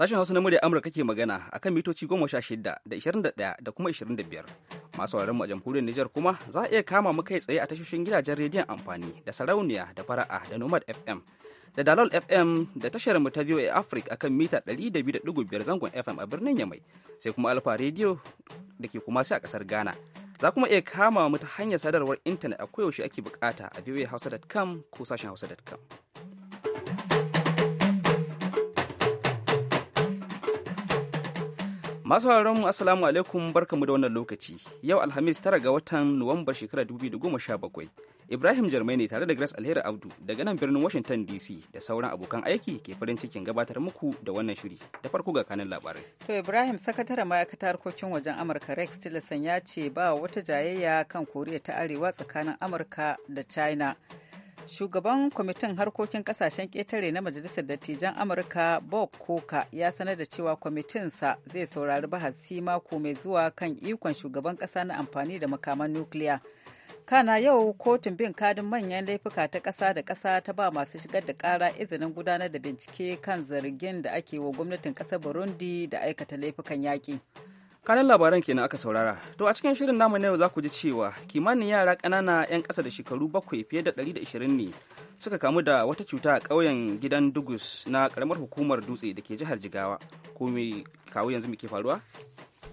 Sashen Hausa na murya Amurka ke magana akan mitoci goma sha shida da ishirin da ɗaya da kuma ishirin da biyar. Masu sauraron mu a jamhuriyar Nijar kuma za a iya kama mu kai tsaye a tashoshin gidajen rediyon amfani da sarauniya da fara'a da Nomad FM da Dalol FM da tashar mu ta VOA Africa akan mita ɗari da biyu da ɗigo biyar zangon FM a birnin Yamai sai kuma Alfa Radio da ke kuma sai a ƙasar Ghana. Za kuma iya kama mu ta hanyar sadarwar intanet a koyaushe ake bukata a voahausa.com ko sashen hausa.com. Masu mu Assalamu alaikum barkamu da wannan lokaci. Yau Alhamis tara ga watan Nuwamba shekarar 2017. Ibrahim Jarmai ne tare da Grace Alheri Abdu daga nan birnin Washington DC da sauran abokan aiki ke farin cikin gabatar muku da wannan shiri. Da farko ga kanin labarai. To Ibrahim sakataren ma'aikata harkokin wajen Amurka Rex Tillerson ya ce ba wata jayayya kan Koriya ta Arewa tsakanin Amurka da China. shugaban kwamitin harkokin kasashen ƙetare na majalisar dattijan amurka bob koka ya sanar da cewa kwamitinsa zai saurari bahasi mako mai zuwa kan ikon shugaban ƙasa na amfani da makaman nukiliya kana yau kotun bin kadin manyan laifuka ta ƙasa da ƙasa ta ba masu shigar da ƙara izinin gudanar da bincike kan zargin da ake wa gwamnatin ƙasar burundi da aikata laifukan yaƙi kanan labaran kenan aka saurara to a cikin shirin namu na yau za ku ji cewa kimanin yara ƙanana 'yan ƙasa da shekaru bakwai fiye da 120 ne suka kamu da wata cuta a ƙauyen gidan dugus na ƙaramar hukumar dutse da ke jihar jigawa ko me kawo yanzu muke faruwa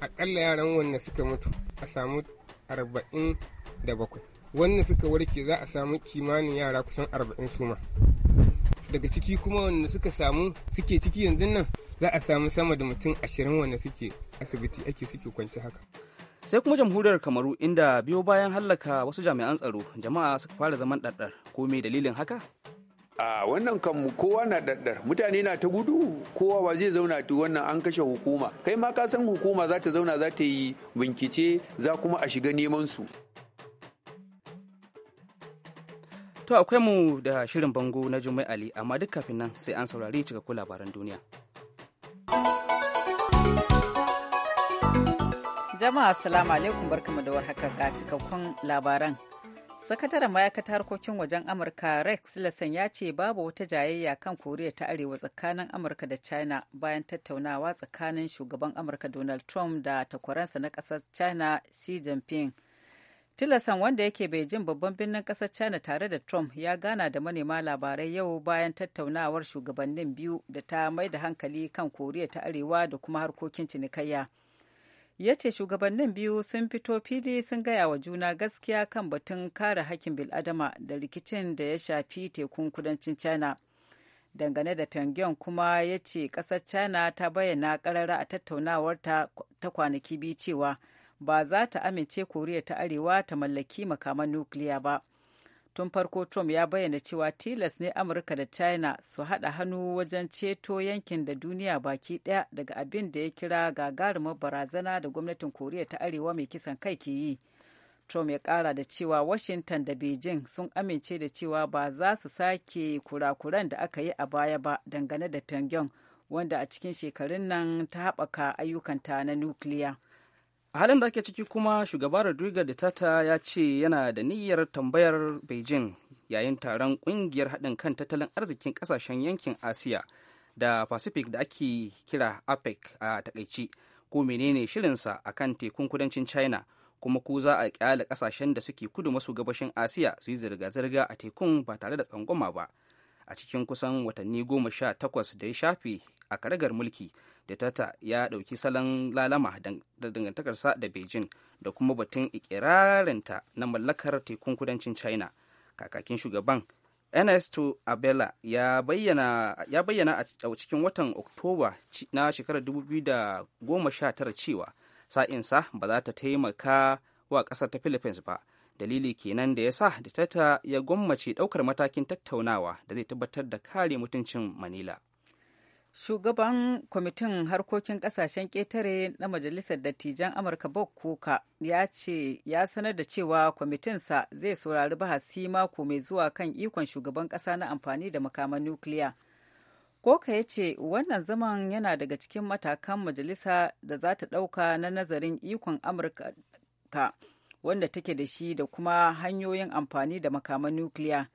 aƙalla yaran wanda suka mutu a samu arba'in da bakwai wanda suka warke za a samu kimanin yara kusan arba'in suma daga ciki kuma wanda suka samu suke ciki yanzu nan za a samu sama da mutum ashirin wanda suke asibiti ake suke kwance haka sai kuma jamhuriyar kamaru inda biyo bayan hallaka wasu jami'an tsaro jama'a suka fara zaman ɗaɗɗar ko me dalilin haka a wannan kan kowa na ɗaɗɗar mutane na ta gudu kowa ba zai zauna tu wannan an kashe hukuma kai ma ka san hukuma za ta zauna za ta yi bincike za kuma a shiga neman su to akwai mu da shirin bango na jumai ali amma duk kafin nan sai an saurari cikakkun labaran duniya Jama'a assalamu alaikum barkamu da warhaka ga cikakkun labaran. Sakataren ma'aikatar harkokin wajen Amurka Rex Tillerson ya ce babu wata jayayya kan Koriya ta Arewa tsakanin Amurka da China bayan tattaunawa tsakanin shugaban Amurka Donald Trump da takwaransa na kasar China Xi Jinping. Tillerson wanda yake Beijing babban birnin kasar China tare da Trump ya gana da manema labarai yau bayan tattaunawar shugabannin biyu da ta mai da hankali kan Koriya ta Arewa da kuma harkokin cinikayya. ya ce shugabannin biyu sun fito fili sun gaya wa juna gaskiya kan batun kare hakkin biladama da rikicin da ya shafi tekun kudancin china dangane da pyongyang kuma ya ce ƙasar china ta bayyana karara a tattaunawarta ta kwanaki biyu cewa ba za ta amince koriya ta arewa ta mallaki makaman nukiliya ba tun farko trump ya bayyana cewa tilas ne amurka da china su haɗa hannu wajen ceto yankin da duniya baki ɗaya daga abin da ya kira gagarumar barazana da gwamnatin koriya ta arewa mai kisan kai ke yi trump ya kara da cewa washington da beijing sun amince da cewa ba za su sake kurakuran da aka yi a baya ba dangane da pyongyang wanda a cikin shekarun nan ta haɓaka ayyukanta na nukiliya. a halin da ake ciki kuma shugaba rodrigo tata ya ce yana da niyyar tambayar beijing yayin taron kungiyar haɗin kan tattalin arzikin ƙasashen yankin asiya da pacific da ake kira apec a e takaici ko menene shirinsa a kan tekun kudancin china kuma ko za a kyale ƙasashen da suke kudu maso gabashin asiya su yi zirga-zirga a tekun ba tare da tsangwama ba a cikin kusan watanni goma sha takwas da ya shafe a karagar mulki da tata ya dauki salon lalama da dangantakarsa da beijing da kuma batun ikirarinta na mallakar tekun kudancin china kakakin shugaban ernesto abela ya bayyana a cikin watan oktoba na shekarar 2019 cewa sa'insa ba za ta taimaka wa kasar ta philippines ba dalili kenan da ya sa da tata ya gwammace daukar matakin tattaunawa da zai tabbatar da kare mutuncin manila Shugaban kwamitin harkokin kasashen ƙetare na Majalisar Dattijan Amurka Bob Kuka ya ce ya sanar da cewa kwamitinsa zai saurari bahasi mako mai zuwa kan ikon shugaban ƙasa na amfani da makaman nukiliya. Koka ya ce wannan zaman yana daga cikin matakan majalisa da za ta ɗauka na nazarin ikon Amurka wanda take da shi da kuma hanyoyin amfani da makaman nukiliya.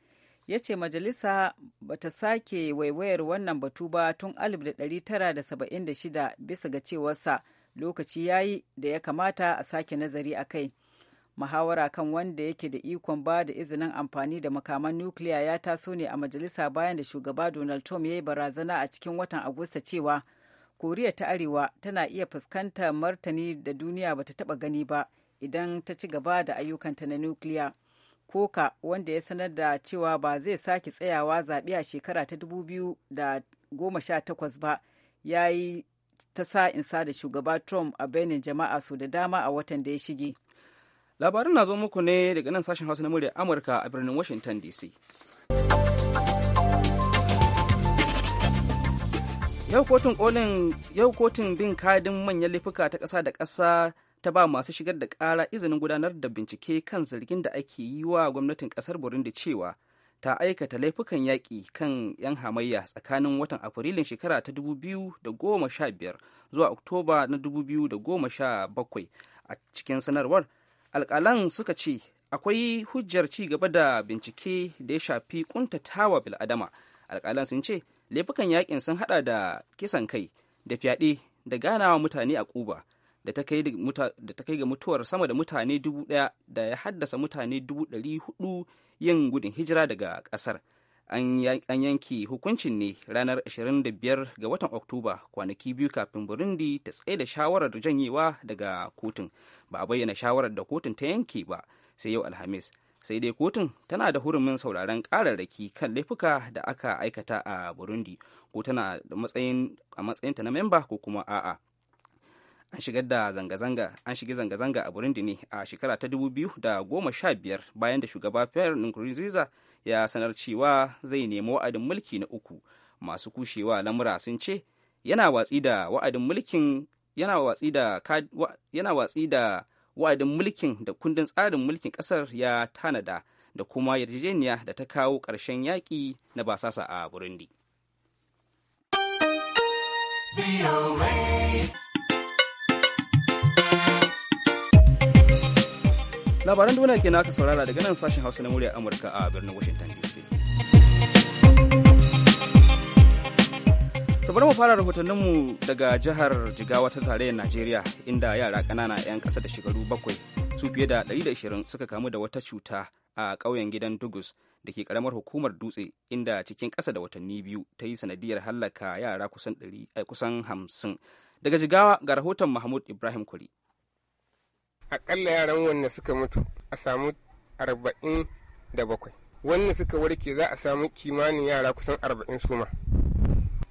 ya ce majalisa ba ta sake waiwayar wannan batu ba tun 1976 bisa ga cewarsa lokaci ya yi da ya kamata a sake nazari a kai muhawara kan wanda yake da ikon ba da izinin amfani da makaman nukiliya ya taso ne a majalisa bayan da shugaba donald trump ya yi barazana a cikin watan agusta cewa koriya ta arewa tana iya fuskantar martani da duniya ba ta taba gani ba idan ta ci gaba da ayyukanta na nukiliya Koka wanda ya sanar da cewa ba zai sake tsayawa zaɓe a shekara ta 2018 ba ya yi ta sa insa da shugaba Trump a bainin jama'a su da dama a watan da ya shige. Labarin na zo muku ne daga nan sashen Hausa na murya Amurka a birnin Washington DC. Yau kotun bin kadin manyan laifuka ta ƙasa da ƙasa ta ba masu shigar da ƙara izinin gudanar da bincike kan zargin da ake yi wa gwamnatin ƙasar burundi cewa ta aikata laifukan yaƙi kan 'yan hamayya tsakanin watan afrilun shekara ta 2015 zuwa oktoba na 2017 a cikin sanarwar alƙalan suka ce akwai hujjar ci gaba da bincike da ya shafi ƙuntatawa bil'adama alƙalan sun ce laifukan yaƙin sun haɗa da kisan kai da fyaɗe da ganawa mutane a ƙuba da ta kai ga mutuwar sama da mutane dubu ɗaya da ya haddasa mutane dubu ɗari hudu yin gudun hijira daga ƙasar an yanke hukuncin ne ranar 25 ga watan oktoba kwanaki biyu kafin burundi ta tsaye da shawarar janyewa daga kotun ba a bayyana shawarar da kotun ta yanke ba sai yau alhamis sai dai kotun tana da hurumin sauraron kararraki kan laifuka da aka aikata a burundi ko tana a matsayinta na memba ko kuma a'a an shigar da zanga-zanga an shige zanga-zanga a burundi ne a shekara ta dubu biyu da goma sha biyar bayan da shugaba pierre nkurunziza ya sanar cewa zai nemi wa'adin mulki na uku masu kushewa lamura sun ce yana watsi da wa'adin mulkin yana watsi da yana watsi da wa'adin mulkin da kundin tsarin mulkin kasar ya tanada da kuma yarjejeniya da ta kawo ƙarshen yaƙi na basasa a burundi labaran duniya ke aka saurara daga nan sashen hausa na murya amurka a birnin washington dc sabar mu fara rahotanninmu daga jihar jigawa ta tarayyar najeriya inda yara kanana 'yan ƙasa da shekaru bakwai su fiye da 120 suka kamu da wata cuta a ƙauyen gidan dugus da ke ƙaramar hukumar dutse inda cikin ƙasa da watanni biyu ta yi sanadiyar hallaka yara kusan 50 eh, daga jigawa ga rahoton mahmud ibrahim kuri akalla yaran wanda suka mutu a samu arba'in da bakwai wanda suka warke za a samu kimanin yara kusan arba'in suma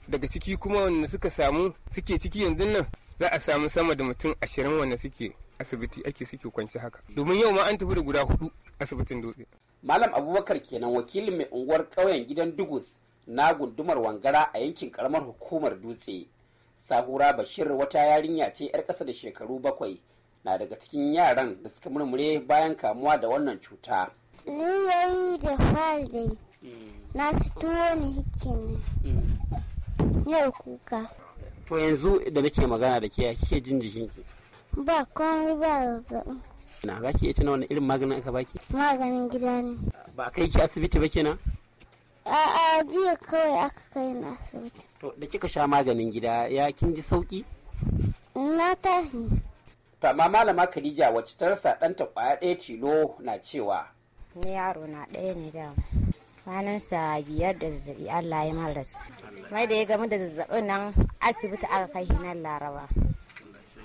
daga ciki kuma wanda suka samu suke ciki yanzu nan za a samu sama da mutum ashirin wanda suke asibiti ake suke kwanci haka domin yau ma an tafi da guda hudu asibitin dutse malam abubakar kenan wakilin mai unguwar ƙauyen gidan dugus na gundumar wangara a yankin karamar hukumar dutse sahura bashir wata yarinya ce 'yar ƙasa da shekaru bakwai na daga cikin yaran da suka murmure bayan kamuwa da wannan cuta. Ni da fari mm. na tuwo ne hikin mm. yau kuka. To yanzu da nake magana da ke kike jin jikinki? Ba komai ba zazzaɓi. Na za ki iya tuna wani irin maganin aka baki? Maganin gida ne. Ba kai ki asibiti ba kenan? A'a jiya kawai aka kai na asibiti. To da kika sha maganin gida ya kin ji sauki? Na tashi. to amma malama khadija wacce ta rasa ɗanta ƙwaya ɗaya tilo na cewa ni yaro na ɗaya ne da sa biyar da zazzabi allah ya maras mai da ya gamu da zazzabin nan asibiti aka kai nan laraba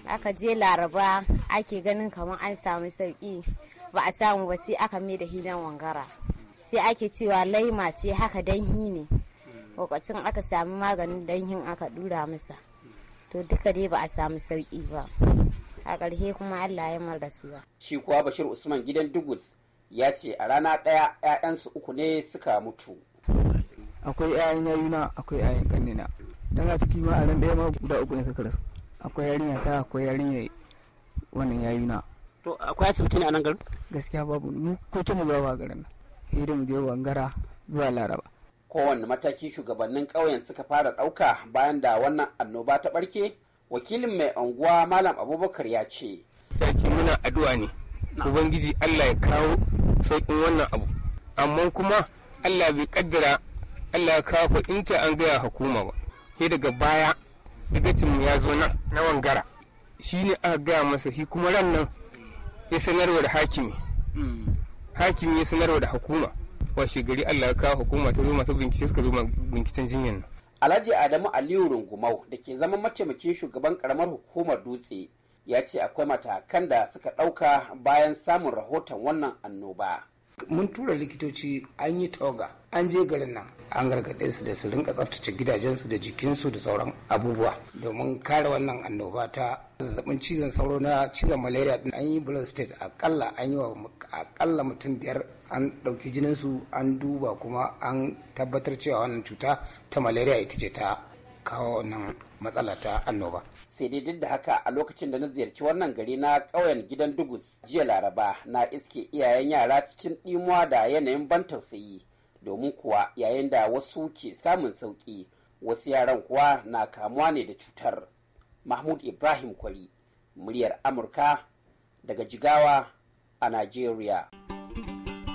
aka je laraba ake ganin kamar an samu sauki ba a samu ba sai aka mai da hinan wangara sai ake cewa laima ce haka danhi ne lokacin aka samu maganin danhin aka dura masa to duka dai ba a samu sauki ba a ƙarshe kuma Allah ya mar rasuwa. Shi kuwa Bashir Usman gidan Dugus ya ce a rana ɗaya 'ya'yansu uku ne suka mutu. Akwai 'ya'yan yayuna akwai 'ya'yan ƙannina. Dan a ciki ma a ran ɗaya ma guda uku ne suka rasu. Akwai yarinya ta akwai yarinya wannan yayuna. To akwai asibiti ne a nan garin? Gaskiya babu mu ko kima zuwa ba garin nan. Sai mu je wangara zuwa Laraba. Kowanne mataki shugabannin ƙauyen suka fara ɗauka bayan da wannan annoba ta ɓarke wakilin mai unguwa malam abubakar ya ce sarki muna addu'a ne ubangiji allah ya kawo sauƙin wannan abu amma kuma allah bai kaddara allah ya kawo ko fa'inta an gaya hukuma ba sai daga baya dagacin ya zo nan na wangara shi ne aka gaya masa shi kuma ran nan ya sanarwa da hakimi hmm. hakimi ya sanarwa da hukuma shi gari allah ya kawo hukuma ta zo masu bincike suka zo binciken jinyan nan Alhaji Adamu Aliyu Rungumau da ke zama mataimakin shugaban karamar hukumar dutse ya ce akwai matakan da suka ɗauka bayan samun rahoton wannan annoba. mun tura likitoci an yi toga an je garin nan an gargaɗe su da su rinka tsaftace gidajensu da jikinsu da sauran abubuwa domin kare wannan annoba ta zazzabin cizon sauro na cizon malaria din an yi blood state akalla an yi wa akalla mutum biyar an ɗauki jininsu an duba kuma an tabbatar cewa wannan cuta ta malaria ita ce ta kawo wannan matsala ta annoba sai dai duk da haka a lokacin da na ziyarci wannan gari na ƙauyen gidan dugus jiya laraba na iske iyayen yara cikin ɗimuwa da yanayin ban tausayi domin kuwa yayin da wasu ke samun sauƙi wasu yaran kuwa na kamuwa ne da cutar mahmud ibrahim kwari muryar amurka daga jigawa a nigeria.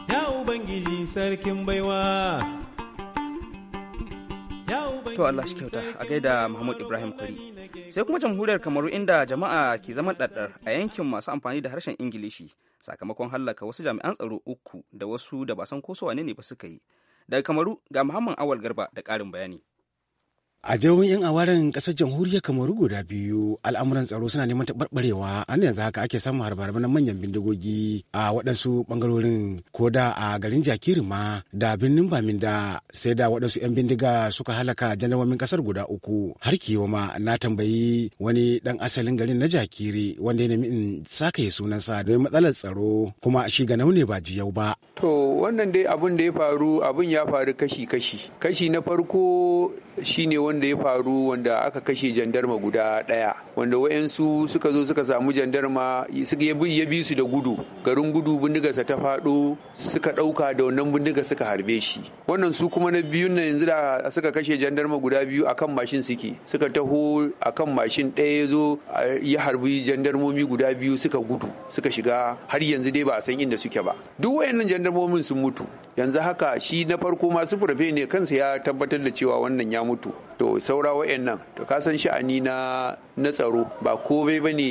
ya ubangiji sarkin baiwa To Allah shi kyauta a gaida Muhammad Ibrahim Kwari. sai kuma jamhuriyar kamaru inda jama'a ke zaman ɗaɗɗar a yankin masu amfani da harshen ingilishi sakamakon hallaka wasu jami'an tsaro uku da wasu da ba san ko su ne ba suka yi daga kamaru ga muhammad awal garba da ƙarin bayani A jihohin 'yan awarin kasar jamhuriyar Kamaru guda biyu al'amuran tsaro suna neman taɓarɓarewa an yanzu haka ake samun harbarba na manyan bindigogi a waɗansu ɓangarorin ko da a garin Jakiri ma da birnin Baminda sai da waɗansu 'yan bindiga suka halaka nawamin kasar guda uku har kiwo ma na tambayi wani ɗan asalin garin na Jakiri wanda ya nemi in sakaye sunansa don matsalar tsaro kuma shi ga ne ba ji yau ba. To wannan dai abun da ya faru abun ya faru kashi-kashi. Kashi na farko shine wani wanda ya faru wanda aka kashe jandarma guda ɗaya wanda wayansu suka zo suka samu jandarma suka ya bi su da gudu garin gudu bindigarsa ta faɗo suka ɗauka da wannan bindigar suka harbe shi wannan su kuma na biyun nan yanzu da suka kashe jandarma guda biyu akan mashin suke suka taho akan mashin ɗaya ya zo ya harbi jandarmomi guda biyu suka gudu suka shiga har yanzu dai ba a san inda suke ba duk wayannan jandarmomin sun mutu yanzu haka shi na farko ma sufurafe ne kansa ya tabbatar da cewa wannan ya mutu to saura nan to ka san sha'ani na tsaro ba ba ne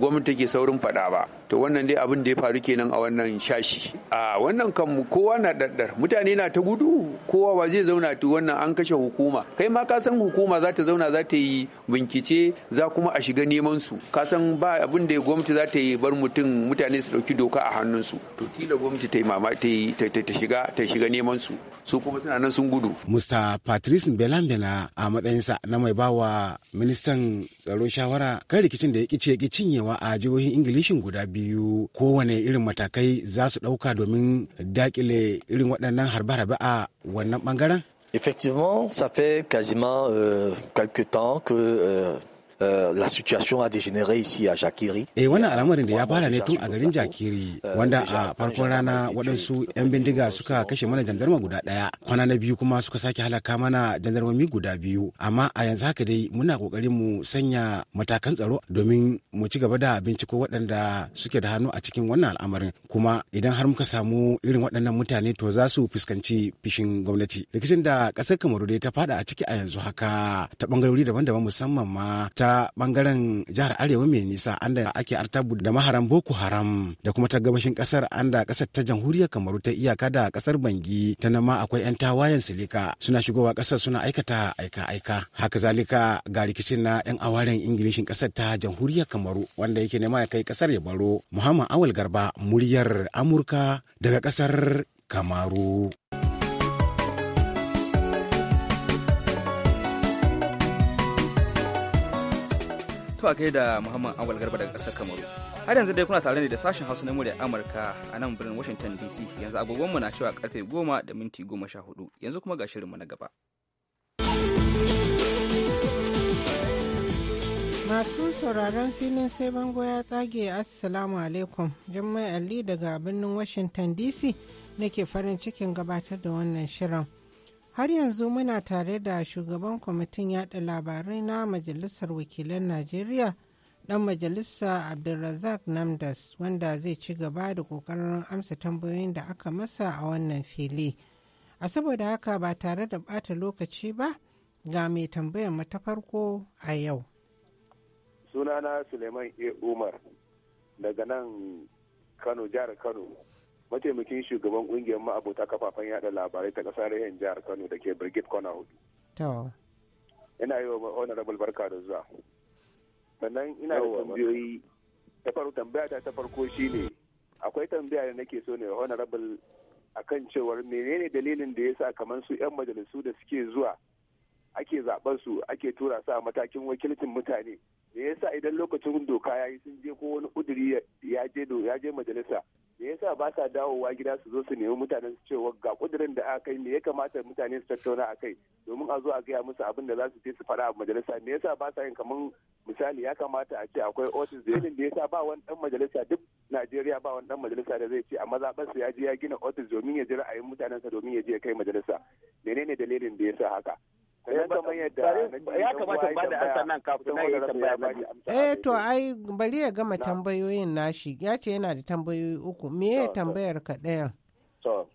gwamnati ke saurin faɗa ba to wannan dai abin da ya faru kenan a wannan shashi a wannan kan kowa na daddar mutane na ta gudu kowa ba zai zauna to wannan an kashe hukuma kai ma ka san hukuma za ta zauna za ta yi bincike za kuma a shiga neman su ka san ba abin da gwamnati za ta yi bar mutum mutane su dauki doka a hannun su to tilo gwamnati ta yi mama ta ta shiga ta shiga neman su su kuma suna nan sun gudu Mr. Patrice na a matsayinsa na mai bawa ministan tsaro shawara kan rikicin da ya kice ya a jihohin Ingilishin guda biyu yiwu kowane irin matakai za su ɗauka domin dakile irin waɗannan harbe-harbe a wannan ɓangaren? Effectivement, ça fait quasiment euh, quelque temps que euh, Euh, la situation a dégénéré ici à Jakiri. Eh wannan al'amarin da ya fara ne tun a garin Jakiri euh, wanda a farkon rana waɗansu 'yan euh, bindiga suka kashe mana jandarma guda ɗaya kwana na biyu kuma suka sake halaka mana jandarmomi guda biyu amma a yanzu haka dai muna kokarin mu sanya matakan tsaro domin mu ci gaba da binciko waɗanda suke da hannu a cikin wannan al'amarin kuma idan har muka samu irin waɗannan mutane to za su fuskanci fishin gwamnati rikicin da ƙasar kamaru dai ta faɗa a ciki a yanzu haka ta ɓangarori daban-daban musamman ma ta ta bangaren jihar arewa mai nisa anda ake artabu da maharan boko haram da kuma ta gabashin kasar anda kasar ta jamhuriyar kamaru ta iyaka da kasar bangi ta nama akwai yan tawayen silika suna shigowa kasar suna aikata aika aika haka zalika ga rikicin na yan awaren ingilishin kasar ta jamhuriyar kamaru wanda yake nema ya kai kasar ya baro muhammad awal garba muryar amurka daga kasar kamaru to a da Muhammad Awal Garba daga ƙasar Kamaru. Har yanzu dai kuna tare ne da sashen Hausa na murya Amurka a nan birnin Washington DC. Yanzu agogonmu na cewa karfe goma da minti goma sha hudu. Yanzu kuma ga shirinmu na gaba. Masu sauraron filin sai bango ya tsage Assalamu alaikum. Jummai Ali daga birnin Washington DC nake farin cikin gabatar da wannan shirin. har yanzu muna tare da shugaban kwamitin yada labarai na majalisar wakilan najeriya dan majalisa abdulrazak namdas wanda zai ci gaba da kokarin amsa tambayoyin da aka masa a wannan fili a saboda haka ba tare da bata lokaci ba ga mai tambayar mata farko a yau sunana suleiman a umar daga nan kano jihar kano mataimakin shugaban kungiyar ma'abota kafafen yada labarai ta kasar rayan jihar kano da ke brigade kona hudu ina yi wa honorable barka da zuwa sannan ina da tambayoyi ta faru tambaya ta farko farko shine akwai tambaya da nake so ne honorable akan cewar menene dalilin da yasa kamar su yan majalisu da suke zuwa ake zaben su ake tura su a matakin wakilcin mutane me yasa idan lokacin doka ya yi sun je ko wani kuduri ya je majalisa me yasa ba sa dawowa gida su zo su nemi mutanen su cewa ga kudirin da aka kai me ya kamata mutane su tattauna a kai domin a zo a gaya musu abin da za su je su fara a majalisa me yasa ba sa yin kamar misali ya kamata a ce akwai ofis da yanin da yasa ba wani dan majalisa duk Najeriya ba wani dan majalisa da zai ce a su ya je ya gina ofis domin ya ji ra'ayin mutanensa domin ya je ya kai majalisa menene dalilin da ya sa haka ya kamata ba da ansa nan kafin nan ya tambaya ba eh to ai bari ya gama tambayoyin nashi ya ce yana da tambayoyi uku me ya tambayar ka ɗaya to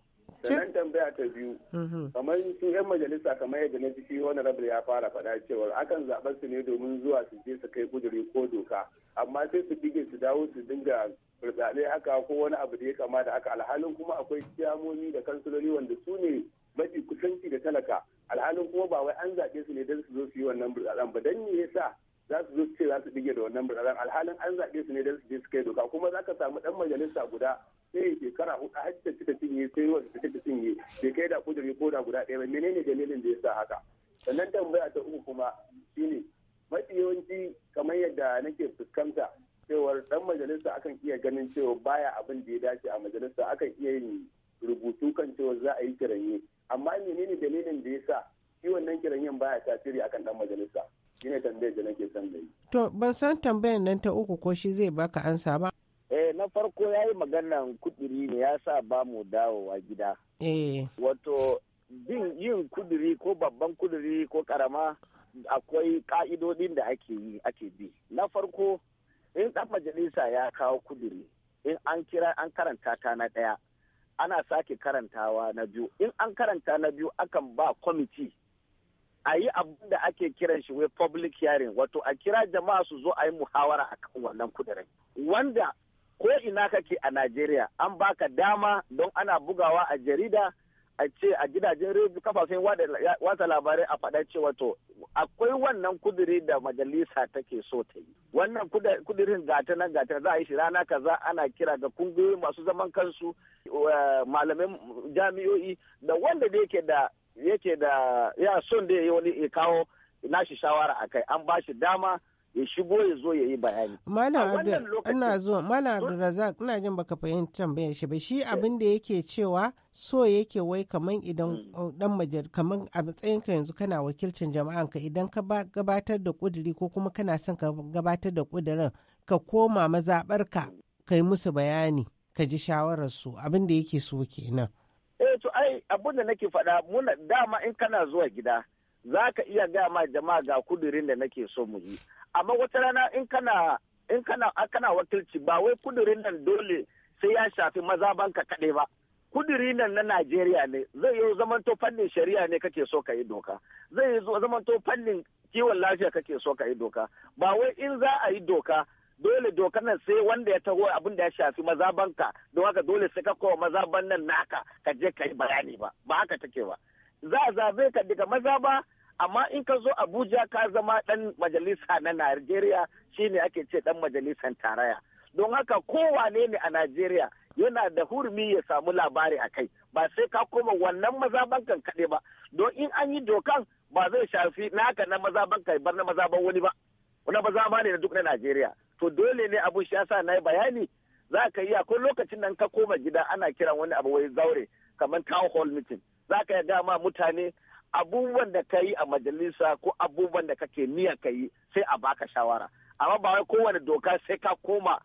sannan tambaya ta biyu mhm. kamar su yan majalisa kamar yadda na ciki wani rabu ya fara faɗa cewa akan zaɓar su ne domin zuwa su je su kai kuduri ko doka amma sai su bige su dawo su dinga burtsatse haka ko wani abu da ya kama da haka alhalin kuma akwai kiyamomi da kansiloli wanda su ne mafi kusanci da talaka alhalin kuma ba wai an zaɓe su ne don su zo su yi wannan burtsatsen ba don me yasa za su zo su ce za su dige da wannan burtsatsen alhalin an zaɓe su ne don su je su kai doka kuma za ka samu ɗan majalisa guda sai shekara hudu har ta cika cinye sai wa ta cika cinye bai kai da kudiri ko da guda ɗaya ba ne dalilin da ya sa haka sannan tambaya ta uku kuma shine mafi yawanci kamar yadda nake fuskanta cewar dan majalisa akan iya ganin cewa baya abin da ya dace a majalisa akan iya yin rubutu kan cewa za a yi kiranye amma menene dalilin da yasa shi wannan kiran yin baya tasiri akan dan majalisa shine tambayar da nake son zai to ban san tambayar nan ta uku ko shi zai baka ansa ba eh na farko yayi maganan kudiri ne ya sa ba mu dawowa gida eh wato bin yin kudiri ko babban kudiri ko karama akwai ka'idodin da ake yi ake bi na farko in dan majalisa ya kawo kudiri in an kira an karanta ta na daya ana sake karantawa na biyu in an karanta na biyu akan ba kwamiti a yi abin da ake kiran shi wai public hearing wato a kira jama'a su zo a yi muhawara a kan wannan kudirin wanda ko ina kake a najeriya an baka dama don ana bugawa a jarida a ce a gidajen rediyo kafafen watsa labarai a faɗa cewa to akwai wannan kuduri da majalisa take so ta yi wannan kudirin gata nan gata za a yi shi rana kaza ana kira ga kungiyoyi masu zaman kansu malamin jami'o'i da wanda da yake da yake da ya son da ya yi wani ya kawo nashi shawara a kai an ba shi dama ya shigo ya zo ya yi bayani. Malam ina jin baka fahimci tambayar shi ba shi eh. abin da yake cewa so yake wai kaman idan hmm. dan majal kaman a matsayin ka yanzu kana wakilcin jama'an ka idan ka gabatar da kuduri ko kuma kana son ka gabatar da kudirin ka koma mazabarka hmm. ka yi musu bayani ka ji shawarar su abin da yake so kenan. Eh to ai abin da nake faɗa muna dama in kana zuwa gida zaka iya gaya ma jama'a ga kudirin da nake so mu yi amma wata rana in kana in kana wakilci ba wai kudirin nan dole sai ya shafi maza banka kaɗai ba kudiri nan na Najeriya ne zai yi zamanto fannin shari'a ne kake so ka yi doka zai yi zamanto fannin kiwon lafiya kake so ka yi doka ba wai in za a yi doka dole dokar nan sai wanda ya taho abin da ya shafi maza banka don haka dole sai ka kowa mazaban nan naka ka je ka yi bayani ba ba haka take ba za a zabe ka daga ba. amma in ka zo abuja ka zama dan majalisa na najeriya shine ake ce dan majalisan taraya don haka kowane ne a najeriya yana da hurumi ya samu labari a kai ba sai ka koma wannan mazabankan kaɗai ba don in an yi dokan ba zai shafi naka na mazabanka bar na mazaban wani ba wani mazaba ne na duk na najeriya to dole ne abu shi yasa na yi bayani za ka yi akwai lokacin nan ka koma gida ana kiran wani abu wai zaure kamar town hall meeting za ka ga dama mutane abubuwan da ka yi a majalisa ko abubuwan da kake niyan ka yi sai a baka shawara amma ba wai kowane doka sai ka koma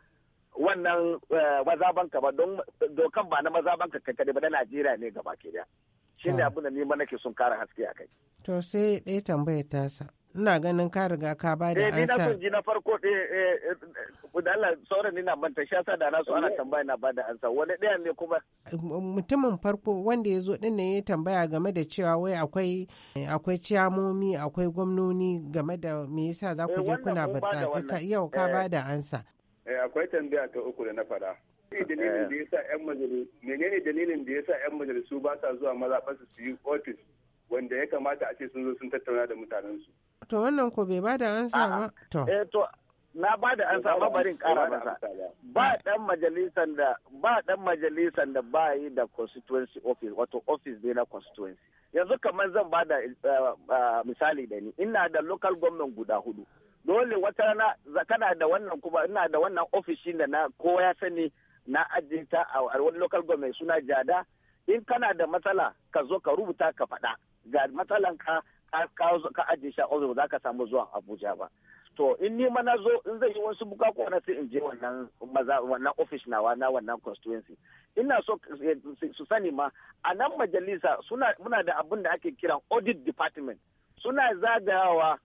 wannan eh, mazabanka ba don dokan ba na mazabanka kai kadai ba na Najeriya ne gaba ke da shi ne abin da ni nake sun kara haske a kai to sai ɗaya tambayar tasa ina ganin ka riga ka ba da ansa. Eh, ni na ji na farko eh eh da eh, Allah sauran na manta shi yasa da na so ana eh. tambaya na ba da ansa wani ɗaya ne kuma. Mutumin farko wanda ya zo din ne ya tambaya game da cewa wai akwai akwai ciyamomi akwai gwamnoni game da me yasa za ku je eh, kuna batsa yau ka ba da ansa. Eh Akwai tambaya ta uku da na faɗa. menene dalilin da yasa 'yan majalisu ba sa zuwa mazaɓarsu su yi ofis wanda ya kamata a ce sun zo sun tattauna da mutanensu. To wannan ko bai bada ansa ba. To. Eh to na bada ansa ba barin kara masa. Ba dan majalisan da ba dan majalisan da ba yi da constituency office wato office dai na constituency. Yanzu kamar zan bada eh, eh, misali da ni ina da local government guda hudu. Dole wata rana kana da wannan kuma ina da wannan ofishin da na kowa ya sani na ajiye a wani local government suna jada in kana da matsala ka zo ka rubuta ka faɗa. ga matsalan ka ka ajiye shi a ofis ba za ka samu zuwa abuja ba to in ni ma na zo in zai yi wasu ko na sai in je wannan maza wannan na wannan constituency ina so su sani ma a nan majalisa suna muna da abin da ake kiran audit department suna zagayawa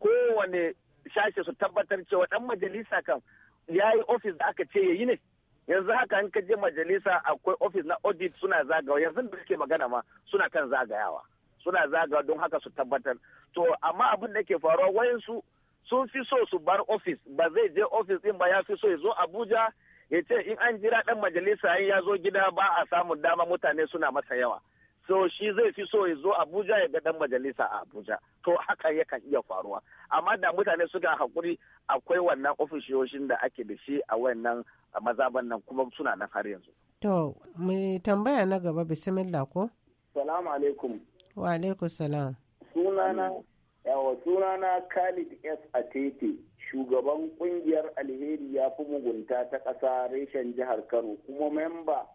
kowane shashe su tabbatar cewa dan majalisa kan ya yi ofis da aka ce ya yi ne yanzu haka in ka je majalisa akwai ofis na audit suna zagawa yanzu da suke magana ma suna kan zagayawa suna zaga don haka su tabbatar to amma abin da ke faruwa wayansu sun fi so su bar ofis ba zai je ofis din ba ya fi so ya zo abuja ya ce in an jira dan majalisa ya zo gida ba a samun dama mutane suna masa yawa so shi zai fi so ya zo abuja ya ga dan majalisa a abuja to haka yakan iya faruwa amma da mutane suka hakuri akwai wannan ofishoshin da ake da shi a wannan mazaban nan kuma suna nan har yanzu to mai tambaya na gaba bismillah ko salamu alaikum Wa alaikum salam. Sunana yawa sunana Khalid S Atete shugaban kungiyar alheri ya fi mugunta ta ƙasa reshen jihar Kano kuma memba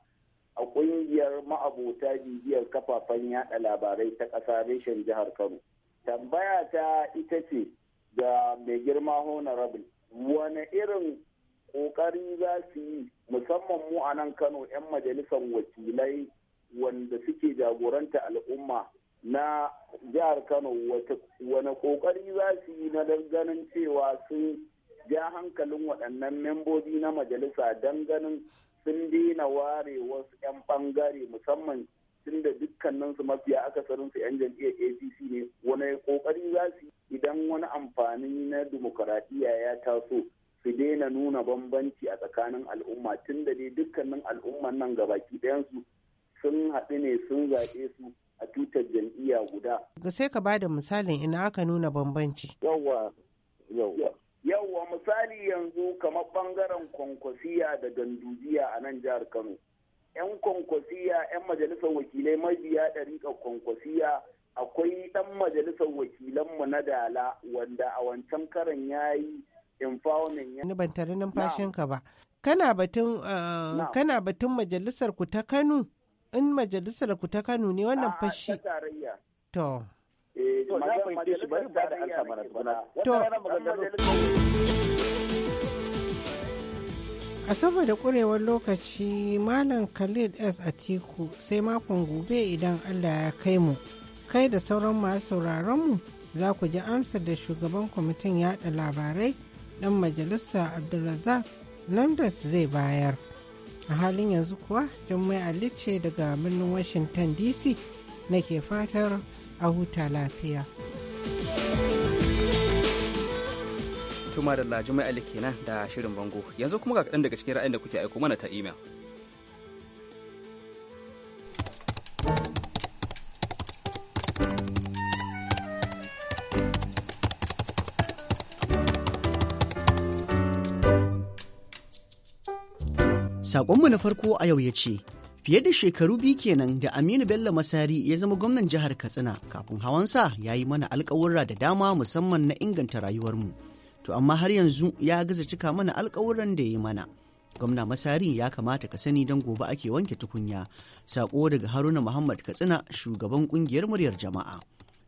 a kungiyar ma'abota bibiyar kafafen yada labarai ta ƙasa reshen jihar Kano. Tambaya ta ita ce ga mai girma honorable wane irin ƙoƙari za su yi musamman mu a nan Kano 'yan majalisar wakilai wanda suke jagoranta al'umma na jihar kano wani kokari za su yi na ganin cewa sun ja hankalin waɗannan membobi na majalisa don ganin sun daina ware wasu 'yan ɓangare musamman tun da dukkaninsu mafiya akasarinsu 'yan jam'iyyar apc ne wani kokari za su idan wani amfani na dimokuraɗiyya ya taso su daina nuna bambanci a tsakanin al'umma tun da dai dukkanin al'umman nan gabaki ɗayansu sun haɗu ne sun zaɓe su a tutar jam'iyya guda. Sai ka bada misalin ina aka nuna bambanci. Yawwa, yawwa. Yawwa misali yanzu kamar bangaren kwankwasiya da gandujiya a nan jihar Kano. 'Yan kwankwasiya 'yan majalisar wakilai mabiya ɗariƙar kwankwasiya akwai ɗan majalisar wakilanmu na dala wanda a wancan karan ya yi empowerment ya. Ban Kana batun eh, majalisar ku ta Kano? in majalisar ku ta Kano ne wannan fashi to eh, a saboda kurewar lokaci malam khalid s atiku sai makon gobe idan allah ya kai mu kai da sauran masu sauraron mu za ku ji amsa da shugaban kwamitin yada labarai dan majalisa abdulrazak landas zai bayar a halin yanzu kuwa jummai ali ce daga birnin washington dc nake fatar a huta lafiya tuma da lajimai ali kenan da shirin bango yanzu kuma ga kaɗan daga cikin ra'ayin da kuke aiko mana ta imel Saƙonmu na farko a yau ya ce, Fiye da shekaru biyu kenan da Aminu Bello Masari ya zama gwamnan jihar Katsina kafin hawansa ya yi mana alkawura da dama musamman na inganta rayuwarmu. To amma har yanzu ya gaza cika mana alkawuran da ya yi mana. Gwamna Masari ya kamata ka sani don gobe ake wanke tukunya. Saƙo daga Haruna Muhammad Katsina shugaban ƙungiyar muryar jama'a.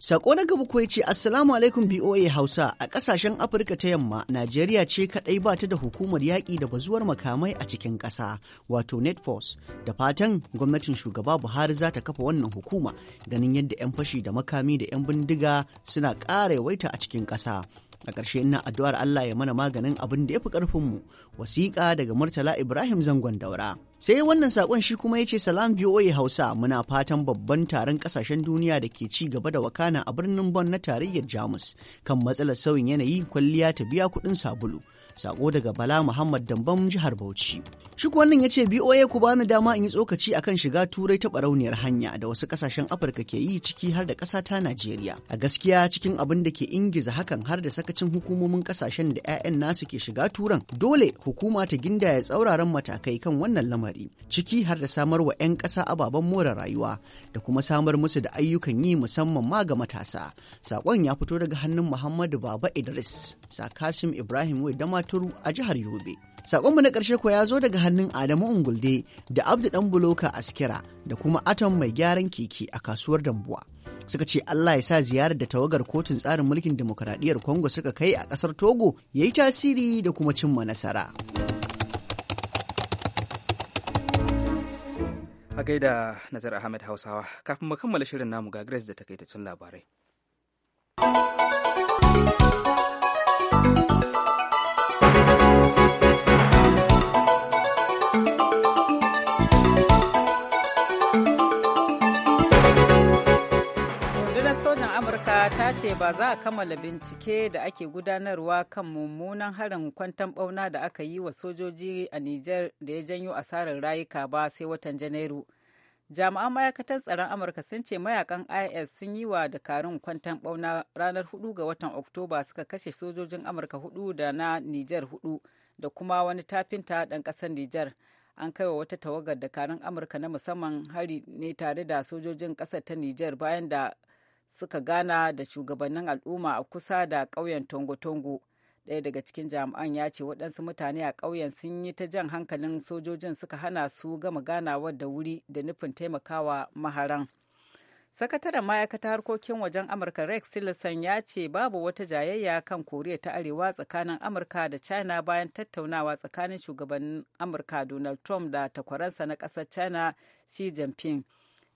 Sako na gaba kuwa ce Assalamu alaikum BOA Hausa a kasashen Afirka ta yamma Najeriya ce kaɗai ba ta da hukumar yaƙi da bazuwar makamai a cikin ƙasa wato NetForce da fatan gwamnatin shugaba Buhari za ta kafa wannan hukuma ganin yadda 'yan fashi da makami da 'yan bindiga suna ƙara yawaita a cikin ƙasa. a ƙarshe ina addu'ar Allah ya mana maganin abin da ya fi ƙarfinmu wasiƙa daga Murtala Ibrahim Zangon Daura. Sai wannan saƙon shi kuma ya ce salam VOA Hausa muna fatan babban taron ƙasashen duniya da ke ci gaba da wakana a birnin Bon na tarayyar Jamus kan matsalar sauyin yanayi kwalliya ta biya kuɗin sabulu. saƙo daga Bala Muhammad Dambam jihar Bauchi. Shi wannan ya ce BOA ku bani dama in yi tsokaci akan shiga turai ta barauniyar hanya da wasu kasashen Afirka ke yi ciki har da ƙasa ta Najeriya. A gaskiya cikin abin da ke ingiza hakan har da sakacin hukumomin kasashen da 'ya'yan nasu ke shiga turan dole hukuma ta gindaya tsauraran matakai kan wannan lamari ciki har da samar wa 'yan ƙasa ababen more rayuwa da kuma samar musu da ayyukan yi musamman ma ga matasa. Saƙon ya fito daga hannun Muhammadu Baba Idris, Sakasim Ibrahim Wai Damaturu a jihar Yobe. Sakonmu na ƙarshe kuwa ya zo daga hannun Adamu Ungulde da Abdu Dan Buloka Askira da kuma Atom mai gyaran keke a kasuwar Dambuwa. Suka ce Allah ya sa ziyarar da tawagar kotun tsarin mulkin demokuraɗiyyar Congo suka kai a ƙasar Togo ya yi tasiri da kuma cimma nasara. A gaida Nazar Ahmed Hausawa, kafin mu kammala shirin namu ga Grace da takaitattun labarai. ta ce ba za a kammala bincike da ake gudanarwa kan mummunan harin kwantan bauna da aka yi wa sojoji a nijar da ya janyo asarar rayuka ba sai watan janairu jami'an mayakatan tsaron amurka sun ce mayakan is sun yi wa dakarun kwantan bauna ranar 4 ga watan oktoba suka kashe sojojin amurka hudu da na nijar hudu da kuma wani tafinta ɗan ƙasar nijar an kai wa wata tawagar dakarun amurka na musamman hari ne tare da sojojin ƙasar ta nijar bayan da suka gana da shugabannin al'umma a kusa da ƙauyen tongo-tongo ɗaya daga cikin jami'an ya ce waɗansu mutane a ƙauyen sun yi ta jan hankalin sojojin suka hana su gama ganawar da wuri da nufin taimakawa maharan sakataren ma'aikata harkokin wajen amurka rex tillerson ya ce babu wata jayayya kan koriya ta arewa tsakanin amurka da china bayan tattaunawa tsakanin shugaban amurka donald trump da takwaransa na ƙasar china xi jinping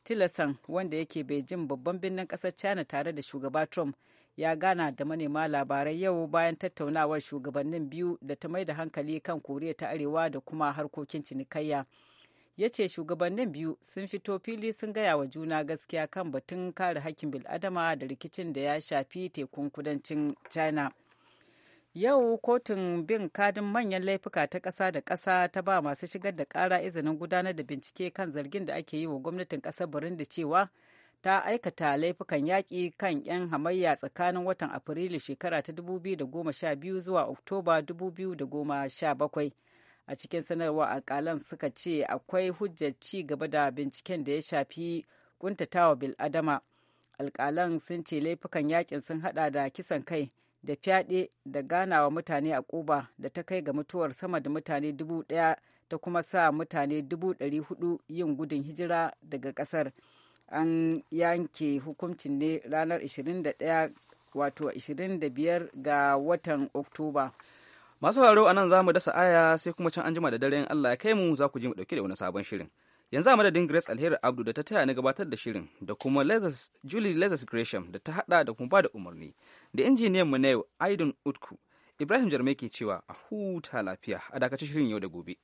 tilasan wanda yake beijing babban birnin kasar china tare da shugaba trump ya gana da manema labarai yau bayan tattaunawar shugabannin biyu da ta mai da hankali kan koriya ta arewa da kuma harkokin cinikayya ya ce shugabannin biyu sun fito fili sun gaya wa juna gaskiya kan batun kare hakkin bil'adama da rikicin da ya shafi tekun kudancin china Yau kotun bin kadin manyan laifuka ta ƙasa da ƙasa ta ba masu shigar da ƙara izinin gudanar da bincike kan zargin da ake yi wa gwamnatin ƙasar Burundi cewa ta aikata laifukan yaƙi kan 'yan hamayya tsakanin watan Afrilu shekara ta 2012 zuwa Oktoba 2017. A cikin sanarwa akalan suka ce akwai hujjar ci gaba da binciken da ya shafi kuntatawa bil'adama. Alƙalan sun ce laifukan yaƙin sun haɗa da kisan kai. da fyaɗe da ganawa mutane a ƙuba da ta kai ga mutuwar sama da mutane dubu ɗaya ta kuma sa mutane dubu ɗari hudu yin gudun hijira daga ƙasar. An yanke hukuncin ne ranar 21 wato 25 ga watan Oktoba. Masu sauraro a nan za mu dasa aya sai kuma can an jima da daren Allah ya kai mu za ku ji mu dauke da wani sabon shirin. yanzu a madadin grace alheri abdu da ta taya na gabatar da shirin da kuma julie lazarus gresham da ta hada da kuma bada umarni da injiniyan mu na yau aidan utku ibrahim jarme ke cewa a huta lafiya a dakacin shirin yau da gobe